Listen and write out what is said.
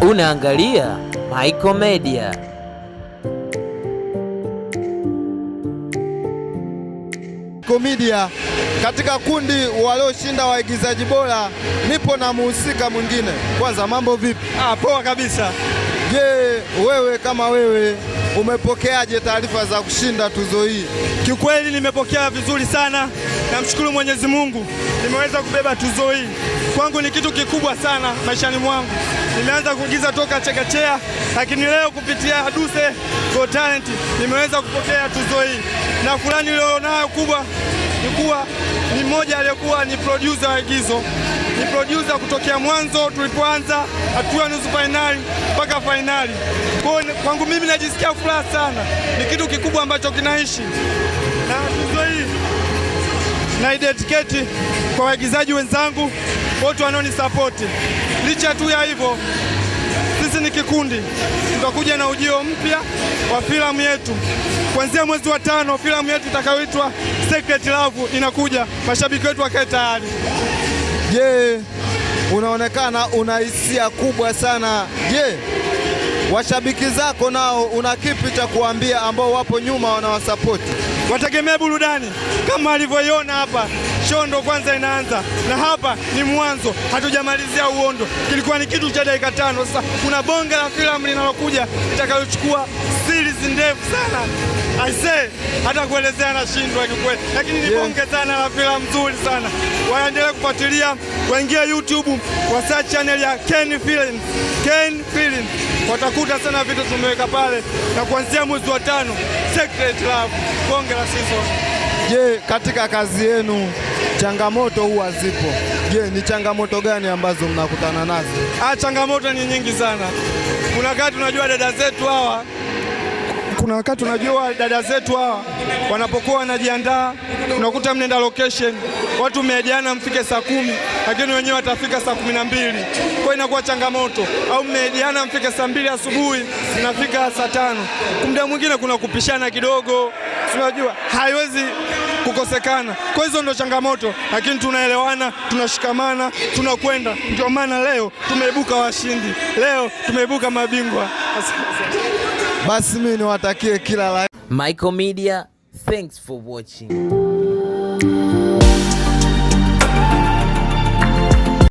Unaangalia Michael Media. Komedia katika kundi walioshinda waigizaji bora, nipo na muhusika mwingine. Kwanza mambo vipi? Ah, poa kabisa. Je, wewe kama wewe umepokeaje taarifa za kushinda tuzo hii? Kiukweli nimepokea vizuri sana, namshukuru Mwenyezi Mungu nimeweza kubeba tuzo hii. Kwangu ni kitu kikubwa sana maishani mwangu nimeanza kuigiza toka chekechea, lakini leo kupitia aduse Got Talent nimeweza kupokea tuzo hii, na fulani ilionayo kubwa ni kuwa ni mmoja aliyekuwa ni producer wa igizo, ni producer kutokea mwanzo tulipoanza hatua nusu fainali mpaka fainali. Kwa kwangu mimi najisikia furaha sana, ni kitu kikubwa ambacho kinaishi na, na idediketi kwa waigizaji wenzangu wote wanaonisapoti. Licha tu ya hivyo, sisi ni kikundi, tutakuja na ujio mpya wa filamu yetu kuanzia mwezi wa tano. Filamu yetu itakayoitwa Secret Love inakuja, mashabiki wetu wakae tayari. Je, yeah, unaonekana una hisia kubwa sana. Je, yeah, washabiki zako nao una kipi cha kuambia ambao wapo nyuma wanawasapoti? wategemee burudani kama alivyoiona hapa show ndo kwanza inaanza, na hapa ni mwanzo, hatujamalizia uondo. Kilikuwa ni kitu cha dakika tano. Sasa kuna bonge la filamu linalokuja itakayochukua series ndefu sana. say hata kuelezea nashindwa kikweli, lakini ni bonge sana la filamu nzuri sana. Waendelee kufuatilia, waingie YouTube, wa search channel ya Ken Films, Ken Films watakuta sana vitu tumeweka pale, na kuanzia mwezi wa tano Secret Love, bonge la season. Je, katika kazi yenu changamoto huwa zipo. Je, ni changamoto gani ambazo mnakutana nazo? Ah, changamoto ni nyingi sana. Kuna wakati unajua dada zetu hawa kuna wakati unajua dada zetu hawa wanapokuwa wanajiandaa, unakuta mnenda location, watu mmeahidiana mfike saa kumi, lakini wenyewe watafika saa kumi na mbili. Kwa inakuwa changamoto, au mmeahidiana mfike saa mbili asubuhi, mnafika saa tano. Muda mwingine kuna kupishana kidogo, si unajua haiwezi kukosekana. Kwa hizo ndo changamoto, lakini tunaelewana, tunashikamana, tunakwenda. Ndio maana leo tumeibuka washindi, leo tumeibuka mabingwa. Basi mimi niwatakie kila la Michael Media, thanks for watching.